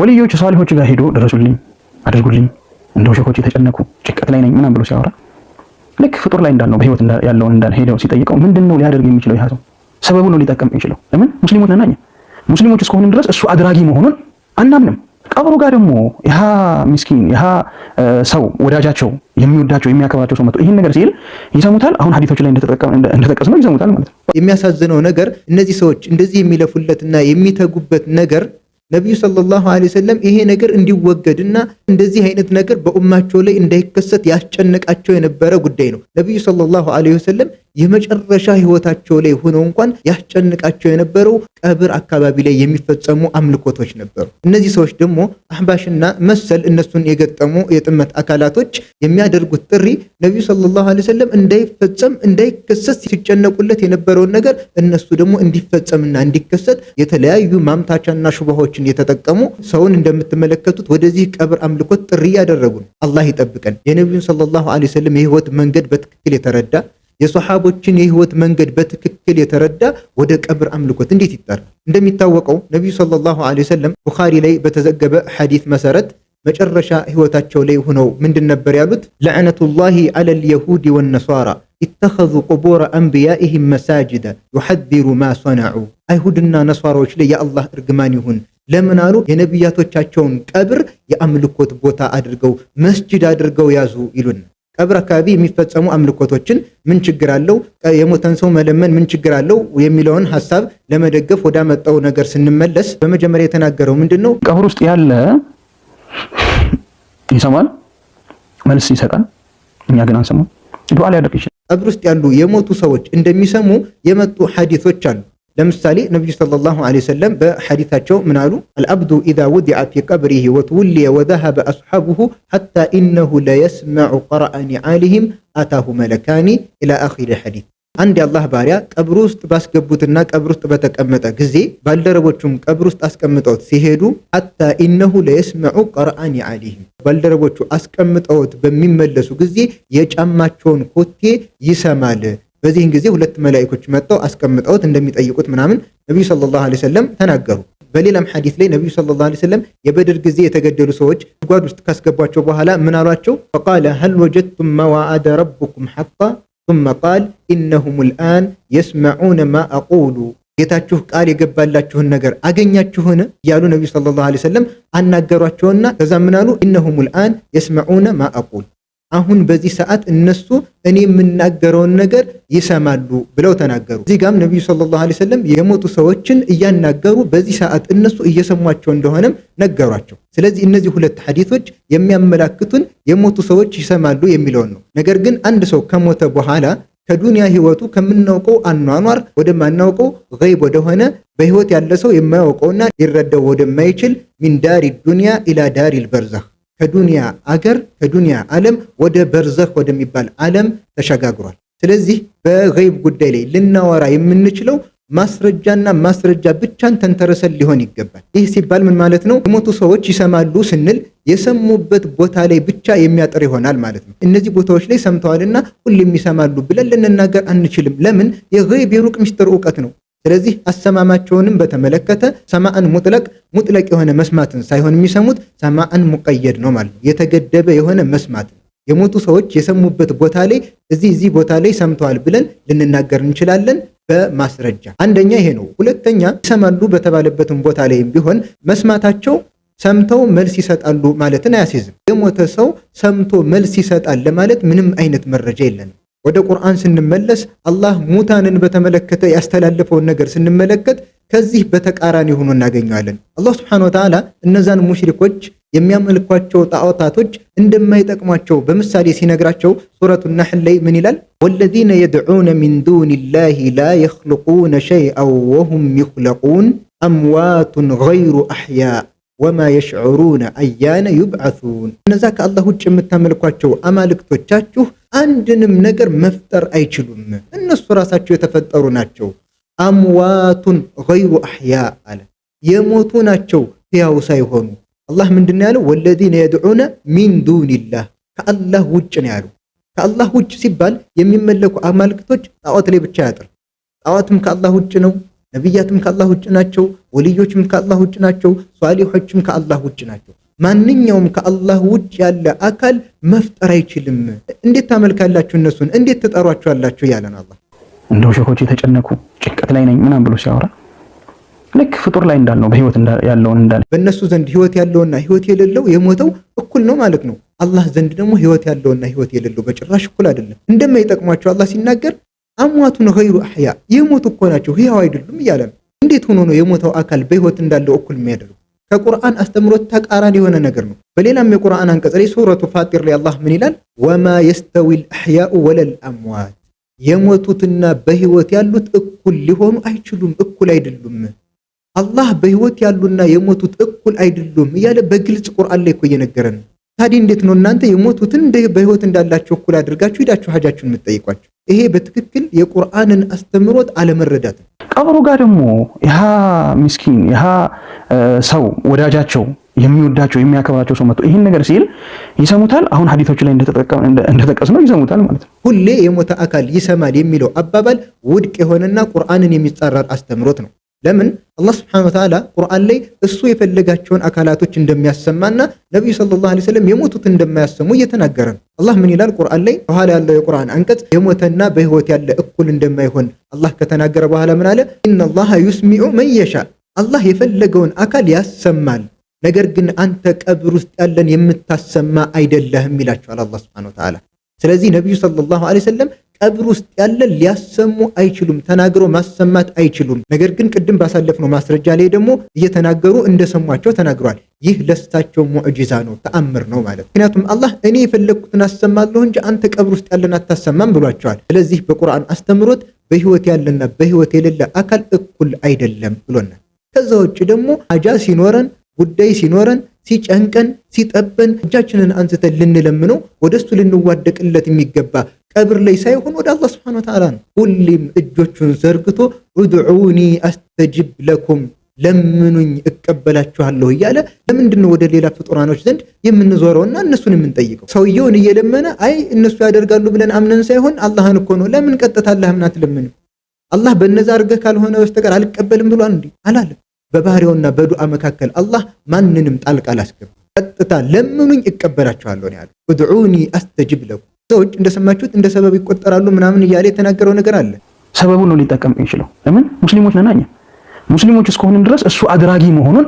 ወልዮች ሷሊሆች ጋር ሄዶ ድረሱልኝ፣ አድርጉልኝ፣ እንደው ሸኮች የተጨነኩ ጭንቀት ላይ ነኝ ምናምን ብሎ ሲያወራ ልክ ፍጡር ላይ እንዳልነው በህይወት ያለውን እንዳል ሄደው ሲጠይቀው ምንድን ነው ሊያደርግ የሚችለው ይህ ሰው ሰበቡ ነው ሊጠቀም የሚችለው ለምን ሙስሊሞች ነናኛ ሙስሊሞች እስከሆንን ድረስ እሱ አድራጊ መሆኑን አናምንም። ቀብሩ ጋር ደግሞ ይህ ሚስኪን ይህ ሰው ወዳጃቸው የሚወዳቸው የሚያከብራቸው ሰው መጥቶ ይህን ነገር ሲል ይሰሙታል። አሁን ሀዲቶች ላይ እንደተጠቀስ ነው ይሰሙታል ማለት ነው። የሚያሳዝነው ነገር እነዚህ ሰዎች እንደዚህ የሚለፉለትና የሚተጉበት ነገር ነቢዩ ሰለላሁ ዐለይሂ ወሰለም ይሄ ነገር እንዲወገድና እንደዚህ አይነት ነገር በኡማቸው ላይ እንዳይከሰት ያስጨነቃቸው የነበረ ጉዳይ ነው። ነቢዩ ሰለላሁ ዐለይሂ ወሰለም የመጨረሻ ህይወታቸው ላይ ሆነው እንኳን ያስጨንቃቸው የነበረው ቀብር አካባቢ ላይ የሚፈጸሙ አምልኮቶች ነበሩ። እነዚህ ሰዎች ደግሞ አህባሽና መሰል እነሱን የገጠሙ የጥመት አካላቶች የሚያደርጉት ጥሪ ነቢዩ ሰለላሁ ዐለይሂ ወሰለም እንዳይፈጸም እንዳይከሰት ሲጨነቁለት የነበረውን ነገር እነሱ ደግሞ እንዲፈጸምና እንዲከሰት የተለያዩ ማምታቻና ሹባዎች መንገዶችን የተጠቀሙ ሰውን እንደምትመለከቱት ወደዚህ ቀብር አምልኮት ጥሪ ያደረጉ ነው። አላህ ይጠብቀን። የነቢዩን ሰለላሁ ዐለይሂ ወሰለም የህይወት መንገድ በትክክል የተረዳ የሶሐቦችን የህይወት መንገድ በትክክል የተረዳ ወደ ቀብር አምልኮት እንዴት ይጠራል? እንደሚታወቀው ነቢዩ ሰለላሁ ዐለይሂ ወሰለም ቡኻሪ ላይ በተዘገበ ሐዲት መሰረት መጨረሻ ህይወታቸው ላይ ሆነው ምንድን ነበር ያሉት? ለዕነቱላሂ ዐለል የሁድ ወነሷራ ኢተኸዙ ቁቡረ አንቢያኢሂም መሳጅደ ዩሐዲሩ ማ ሰነዑ። አይሁድና ነሷራዎች ላይ የአላህ እርግማን ይሁን ለምን አሉ? የነቢያቶቻቸውን ቀብር የአምልኮት ቦታ አድርገው መስጅድ አድርገው ያዙ ይሉን። ቀብር አካባቢ የሚፈጸሙ አምልኮቶችን ምን ችግር አለው፣ የሞተን ሰው መለመን ምን ችግር አለው የሚለውን ሀሳብ ለመደገፍ ወዳመጣው ነገር ስንመለስ በመጀመሪያ የተናገረው ምንድን ነው? ቀብር ውስጥ ያለ ይሰማል፣ መልስ ይሰጣል። እኛ ግን አንሰማም። ዱዓ ሊያደርግ ይችላል። ቀብር ውስጥ ያሉ የሞቱ ሰዎች እንደሚሰሙ የመጡ ሀዲቶች አሉ። ለምሳሌ ነቢዩ ሰለላሁ ዐለይሂ ወሰለም በሐዲታቸው ምን አሉ? አልአብዱ ኢዛ ውዲዐ ፊ ቀብሪሂ ወትውልየ ወዘሀበ አስሓቡሁ ሐታ ኢነሁ ለየስመዑ ቀረአ ኒዓሊሂም አታሁ መለካኒ ኢላ አኺሪ ሐዲት። አንድ የአላህ ባሪያ ቀብር ውስጥ ባስገቡትና ቀብር ውስጥ በተቀመጠ ጊዜ ባልደረቦቹም ቀብር ውስጥ አስቀምጠውት ሲሄዱ ሐታ ኢነሁ ለየስመዑ ቀረአ ኒዓሊሂም ባልደረቦቹ አስቀምጠውት በሚመለሱ ጊዜ የጫማቸውን ኮቴ ይሰማል። በዚህን ጊዜ ሁለት መላኢኮች መጥተው አስቀምጠውት እንደሚጠይቁት ምናምን ነቢዩ ሰለላሁ ዐለይሂ ወሰለም ተናገሩ። በሌላም ሐዲስ ላይ ነቢዩ ሰለላሁ ዐለይሂ ወሰለም የበድር ጊዜ የተገደሉ ሰዎች ጓድ ውስጥ ካስገቧቸው በኋላ ምን አሏቸው? ፈቃለ ሀል ወጀድቱም መዋአደ ረብኩም ሐቃ ثم قال إنهم الآن يسمعون ما أقول ጌታችሁ ቃል የገባላችሁን ነገር አገኛችሁን እያሉ ነቢዩ ሰለላሁ ዐለይሂ ወሰለም አናገሯቸውና ከዛ ምን አሉ? ኢነሁም ልአን የስመዑነ ማ አቁል አሁን በዚህ ሰዓት እነሱ እኔ የምናገረውን ነገር ይሰማሉ ብለው ተናገሩ። እዚህ ጋም ነቢዩ ሰለላሁ ዐለይሂ ወሰለም የሞቱ ሰዎችን እያናገሩ በዚህ ሰዓት እነሱ እየሰሟቸው እንደሆነም ነገሯቸው። ስለዚህ እነዚህ ሁለት ሐዲቶች የሚያመላክቱን የሞቱ ሰዎች ይሰማሉ የሚለውን ነው። ነገር ግን አንድ ሰው ከሞተ በኋላ ከዱንያ ህይወቱ ከምናውቀው አኗኗር ወደማናውቀው ገይብ ወደሆነ በህይወት ያለ ሰው የማያውቀውና ሊረዳው ወደማይችል ሚንዳሪ ዱንያ ኢላ ዳሪል በርዛህ ከዱንያ አገር ከዱንያ ዓለም ወደ በርዘህ ወደሚባል ዓለም ተሸጋግሯል። ስለዚህ በገይብ ጉዳይ ላይ ልናወራ የምንችለው ማስረጃና ማስረጃ ብቻን ተንተረሰን ሊሆን ይገባል። ይህ ሲባል ምን ማለት ነው? የሞቱ ሰዎች ይሰማሉ ስንል የሰሙበት ቦታ ላይ ብቻ የሚያጥር ይሆናል ማለት ነው። እነዚህ ቦታዎች ላይ ሰምተዋልና ሁሌም ይሰማሉ ብለን ልንናገር አንችልም። ለምን? የገይብ የሩቅ ምስጢር እውቀት ነው። ስለዚህ አሰማማቸውንም በተመለከተ ሰማዕን ሙጥለቅ ሙጥለቅ የሆነ መስማትን ሳይሆን የሚሰሙት ሰማዕን ሙቀየድ ነው ማለት ነው። የተገደበ የሆነ መስማት የሞቱ ሰዎች የሰሙበት ቦታ ላይ እዚህ እዚህ ቦታ ላይ ሰምተዋል ብለን ልንናገር እንችላለን በማስረጃ አንደኛ ይሄ ነው። ሁለተኛ ይሰማሉ በተባለበትም ቦታ ላይም ቢሆን መስማታቸው ሰምተው መልስ ይሰጣሉ ማለትን አያስይዝም። የሞተ ሰው ሰምቶ መልስ ይሰጣል ለማለት ምንም አይነት መረጃ የለንም። ወደ ቁርአን ስንመለስ አላህ ሙታንን በተመለከተ ያስተላለፈውን ነገር ስንመለከት ከዚህ በተቃራኒ ሆኖ እናገኘዋለን። አላህ ስብሐነ ወተዓላ እነዛን ሙሽሪኮች የሚያመልኳቸው ጣዖታቶች እንደማይጠቅሟቸው በምሳሌ ሲነግራቸው ሱረቱ ነሕል ላይ ምን ይላል? ወለዚነ የድዑነ ሚን ዱኒላሂ ላ የኽልቁነ ሸይአን ወሁም ይኽለቁን አምዋቱን ገይሩ አሕያ ወማ የሽዑሩነ አያነ ዩብዓሱን። እነዛ ከአላህ ውጭ የምታመልኳቸው አማልክቶቻችሁ አንድንም ነገር መፍጠር አይችሉም። እነሱ ራሳቸው የተፈጠሩ ናቸው። አምዋቱን ገይሩ አሕያ አለ፣ የሞቱ ናቸው ሕያው ሳይሆኑ። አላህ ምንድን ያለው? ወለዚነ የድዑነ ሚን ዱኒላህ፣ ከአላህ ውጭ ነው ያለው። ከአላህ ውጭ ሲባል የሚመለኩ አማልክቶች ጣዖት ላይ ብቻ ያጥር። ጣዖትም ከአላህ ውጭ ነው ነቢያትም ከአላህ ውጭ ናቸው። ወልዮችም ከአላህ ውጭ ናቸው። ሷሊሖችም ከአላህ ውጭ ናቸው። ማንኛውም ከአላህ ውጭ ያለ አካል መፍጠር አይችልም። እንዴት ታመልካላችሁ? እነሱን እንዴት ትጠሯችኋላችሁ? ያለን አላህ እንደው ሸኮች የተጨነቁ ጭንቀት ላይ ነኝ ምናም ብሎ ሲያወራ ልክ ፍጡር ላይ እንዳልነው በህይወት ያለውን እንዳለ በእነሱ ዘንድ ህይወት ያለውና ህይወት የሌለው የሞተው እኩል ነው ማለት ነው። አላህ ዘንድ ደግሞ ህይወት ያለውና ህይወት የሌለው በጭራሽ እኩል አይደለም። እንደማይጠቅሟቸው አላህ ሲናገር አሟቱን ኸይሩ አህያ የሞቱ እኮ ናቸው ህያው አይደሉም እያለ ነው። እንዴት ሆኖ ነው የሞተው አካል በህይወት እንዳለው እኩል የሚያደርጉ ከቁርአን አስተምሮት ተቃራኒ የሆነ ነገር ነው። በሌላም የቁርአን አንቀጽ ላይ ሱረቱ ፋጢር ላይ አላህ ምን ይላል? ወማ የስተዊል ልአሕያኡ ወለል አምዋት የሞቱትና በህይወት ያሉት እኩል ሊሆኑ አይችሉም፣ እኩል አይደሉም። አላህ በህይወት ያሉና የሞቱት እኩል አይደሉም እያለ በግልጽ ቁርአን ላይ እኮ እየነገረን ነው። ታዲያ እንዴት ነው እናንተ የሞቱትን በህይወት እንዳላቸው እኩል አድርጋችሁ ሂዳችሁ ሀጃችሁን የምትጠይቋቸው? ይሄ በትክክል የቁርአንን አስተምሮት አለመረዳት ቀብሩ ጋር ደግሞ ያ ምስኪን ያ ሰው ወዳጃቸው የሚወዳቸው የሚያከብራቸው ሰው መጥቶ ይህን ነገር ሲል ይሰሙታል። አሁን ሀዲቶች ላይ እንደተጠቀስ ነው ይሰሙታል ማለት ነው። ሁሌ የሞተ አካል ይሰማል የሚለው አባባል ውድቅ የሆነና ቁርአንን የሚጻረር አስተምሮት ነው። ለምን አላህ ስብሐነሁ ወተዓላ ቁርአን ላይ እሱ የፈለጋቸውን አካላቶች እንደሚያሰማና ነብዩ ሰለላሁ ዐለይሂ ወሰለም የሞቱት እንደማያሰሙ እየተናገረ ነው። አላህ ምን ይላል ቁርአን ላይ? በኋላ ያለው የቁርአን አንቀጽ የሞተና በህይወት ያለ እኩል እንደማይሆን አላህ ከተናገረ በኋላ ምን አለ? ኢነላሃ ዩስሚዑ መየሻ አላህ የፈለገውን አካል ያሰማል። ነገር ግን አንተ ቀብር ውስጥ ያለን የምታሰማ አይደለህም ይላቸዋል አላህ ስብሐነሁ ወተዓላ። ስለዚህ ነብዩ ሰለላሁ ዐለይሂ ወሰለም ቀብር ውስጥ ያለ ሊያሰሙ አይችሉም፣ ተናግሮ ማሰማት አይችሉም። ነገር ግን ቅድም ባሳለፍነው ማስረጃ ላይ ደግሞ እየተናገሩ እንደሰሟቸው ተናግሯል ይህ ለስታቸው ሙዕጂዛ ነው፣ ተአምር ነው ማለት። ምክንያቱም አላህ እኔ የፈለግኩትን አሰማለሁ እንጂ አንተ ቀብር ውስጥ ያለን አታሰማም ብሏቸዋል። ስለዚህ በቁርአን አስተምሮት በህይወት ያለና በህይወት የሌለ አካል እኩል አይደለም ብሎናል። ከዛ ውጭ ደግሞ አጃ ሲኖረን ጉዳይ ሲኖረን ሲጨንቀን ሲጠበን እጃችንን አንስተን ልንለምነው ወደሱ ልንዋደቅለት የሚገባ ቀብር ላይ ሳይሆን ወደ አላህ ስብሐነ ወተዓላ ነው። ሁሌም እጆቹን ዘርግቶ ኡድዑኒ አስተጅብ ለኩም ለምኑኝ እቀበላችኋለሁ እያለ ለምንድን ነው ወደ ሌላ ፍጡራኖች ዘንድ የምንዞረውና እነሱን የምንጠይቀው? ሰውየውን እየለመነ አይ እነሱ ያደርጋሉ ብለን አምነን ሳይሆን አላህን እኮ ነው። ለምን ቀጥታ አላህን አትለምንም? አላህ በነዛ አድርገህ ካልሆነ በስተቀር አልቀበልም ብሏል እንዴ? አላለም። በባህሪያውና በዱዓ መካከል አላህ ማንንም ጣልቃ አላስገባም። ቀጥታ ለምኑኝ እቀበላችኋለሁ ነው ያለው። ኡድዑኒ አስተጅብ ለኩም ሰዎች እንደሰማችሁት እንደ ሰበብ ይቆጠራሉ ምናምን እያለ የተናገረው ነገር አለ። ሰበቡ ነው ሊጠቀም የሚችለው። ለምን ሙስሊሞች ነናኛ ሙስሊሞች እስከሆንን ድረስ እሱ አድራጊ መሆኑን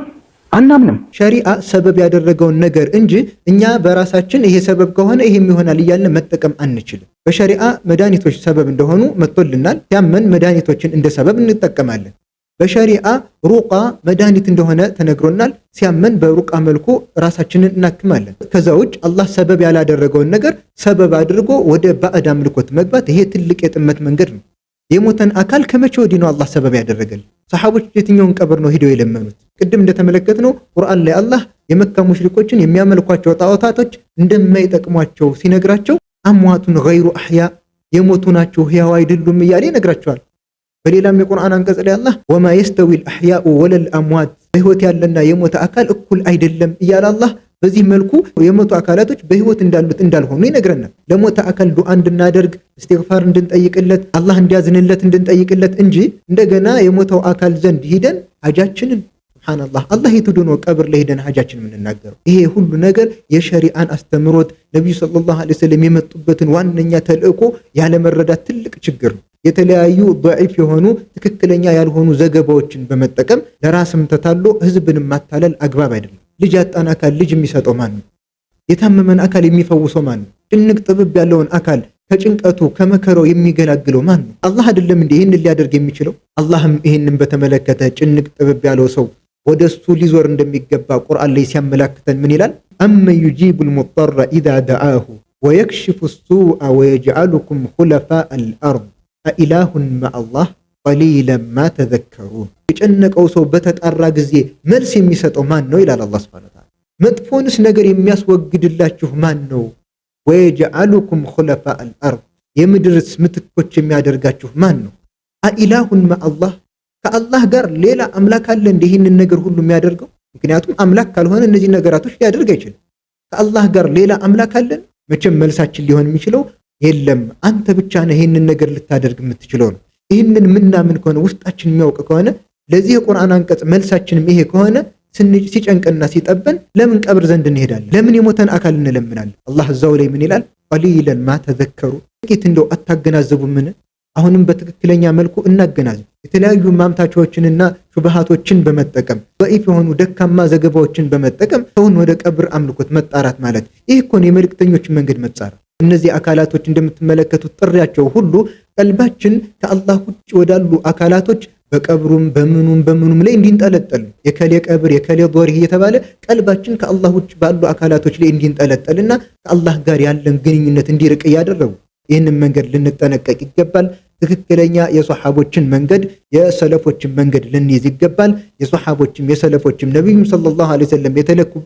አናምንም። ሸሪአ ሰበብ ያደረገውን ነገር እንጂ እኛ በራሳችን ይሄ ሰበብ ከሆነ ይሄም ይሆናል እያለ መጠቀም አንችልም። በሸሪአ መድኃኒቶች ሰበብ እንደሆኑ መጥቶልናል። ያመን መድኃኒቶችን እንደ ሰበብ እንጠቀማለን። በሸሪአ ሩቃ መድኃኒት እንደሆነ ተነግሮናል። ሲያመን በሩቃ መልኩ ራሳችንን እናክማለን። ከዛ ውጭ አላህ ሰበብ ያላደረገውን ነገር ሰበብ አድርጎ ወደ ባዕድ አምልኮት መግባት ይሄ ትልቅ የጥመት መንገድ ነው። የሞተን አካል ከመቼ ወዲህ ነው አላህ ሰበብ ያደረገል? ሰሓቦች የትኛውን ቀብር ነው ሄደው የለመኑት? ቅድም እንደተመለከትነው ቁርአን ላይ አላህ የመካ ሙሽሪኮችን የሚያመልኳቸው ጣዖታቶች እንደማይጠቅሟቸው ሲነግራቸው አሟቱን ገይሩ አህያ የሞቱ ናቸው ህያው አይደሉም እያለ ይነግራቸዋል። በሌላም የቁርአን አንቀጽ ላይ አላህ ወማ የስተዊል አሕያኡ ወለል አምዋት በህይወት ያለና የሞተ አካል እኩል አይደለም እያለ አላህ በዚህ መልኩ የሞቱ አካላቶች በህይወት እንዳሉት እንዳልሆኑ ይነግረናል። ለሞተ አካል ዱዓ እንድናደርግ እስትግፋር እንድንጠይቅለት አላህ እንዲያዝንለት እንድንጠይቅለት እንጂ እንደገና የሞተው አካል ዘንድ ሂደን አጃችንን ሱብሃነላህ አላህ የትዶ ነው ቀብር ለሄደን ሀጃችን የምንናገረው? ይሄ ሁሉ ነገር የሸሪአን አስተምሮት ነቢዩ ሰለላሁ ዐለይሂ ወሰለም የመጡበትን ዋነኛ ተልእኮ ያለመረዳት ትልቅ ችግር ነው። የተለያዩ ዶዒፍ የሆኑ ትክክለኛ ያልሆኑ ዘገባዎችን በመጠቀም ለራስም ተታሎ ህዝብን ማታለል አግባብ አይደለም። ልጅ ያጣን አካል ልጅ የሚሰጠው ማን ነው? የታመመን አካል የሚፈውሰው ማን ነው? ጭንቅ ጥብብ ያለውን አካል ከጭንቀቱ ከመከራው የሚገላግለው ማን ነው? አላህ አይደለም እንዴ ይህንን ሊያደርግ የሚችለው? አላህም ይህንን በተመለከተ ጭንቅ ጥብብ ያለው ሰው ወደ እሱ ሊዞር እንደሚገባ ቁርአን ላይ ሲያመላክተን ምን ይላል? አመ ዩጂቡል ሙጠረ ኢዛ ደአሁ ወየክሽፉ ሱአ ወየጅዓሉኩም ሁለፋአ አልአርድ አኢላሁን መአላህ ቀሊለን ማ ተዘከሩን። የጨነቀው ሰው በተጣራ ጊዜ መልስ የሚሰጠው ማን ነው ይላል አላህ ሱብሓነሁ ወተዓላ። መጥፎንስ ነገር የሚያስወግድላችሁ ማን ነው? ወየጅዓሉኩም ሁለፋአ አልአርድ የምድርስ ምትኮች የሚያደርጋችሁ ማን ነው? አኢላሁን መአላህ ከአላህ ጋር ሌላ አምላክ አለ እንደ ይህንን ነገር ሁሉ የሚያደርገው? ምክንያቱም አምላክ ካልሆነ እነዚህ ነገራቶች ሊያደርግ አይችልም። ከአላህ ጋር ሌላ አምላክ አለን? መቼም መልሳችን ሊሆን የሚችለው የለም፣ አንተ ብቻ ነህ ይህንን ነገር ልታደርግ የምትችለው ነው። ይህንን ምናምን ከሆነ ውስጣችን የሚያውቅ ከሆነ ለዚህ የቁርአን አንቀጽ መልሳችንም ይሄ ከሆነ ሲጨንቅና ሲጠበን ለምን ቀብር ዘንድ እንሄዳለን? ለምን የሞተን አካል እንለምናለን? አላህ እዛው ላይ ምን ይላል? ቀሊለን ማ ተዘከሩ፣ ጥቂት እንደው አታገናዘቡ ምን አሁንም በትክክለኛ መልኩ እናገናዝብ። የተለያዩ ማምታቻዎችንና ሹብሃቶችን በመጠቀም በኢፍ የሆኑ ደካማ ዘገባዎችን በመጠቀም ሰውን ወደ ቀብር አምልኮት መጣራት ማለት ይህ እኮን የመልእክተኞች መንገድ መጻረር። እነዚህ አካላቶች እንደምትመለከቱት ጥሪያቸው ሁሉ ቀልባችን ከአላህ ውጭ ወዳሉ አካላቶች በቀብሩም በምኑም በምኑም ላይ እንዲንጠለጠል የከሌ ቀብር የከሌ ዶርህ እየተባለ ቀልባችን ከአላህ ውጭ ባሉ አካላቶች ላይ እንዲንጠለጠልና ከአላህ ጋር ያለን ግንኙነት እንዲርቅ እያደረጉ ይህንን መንገድ ልንጠነቀቅ ይገባል። ትክክለኛ የሶሓቦችን መንገድ የሰለፎችን መንገድ ልንይዝ ይገባል። የሶሓቦችም የሰለፎችም ነቢዩም ሰለላሁ ዐለይሂ ወሰለም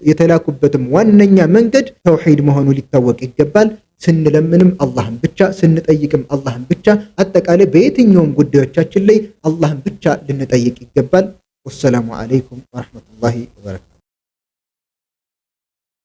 የተላኩበትም ዋነኛ መንገድ ተውሂድ መሆኑ ሊታወቅ ይገባል። ስንለምንም አላህን ብቻ ስንጠይቅም አላህን ብቻ፣ አጠቃላይ በየትኛውም ጉዳዮቻችን ላይ አላህን ብቻ ልንጠይቅ ይገባል። ወሰላሙ ዐለይኩም ወረሕመቱላሂ ወበረካቱ።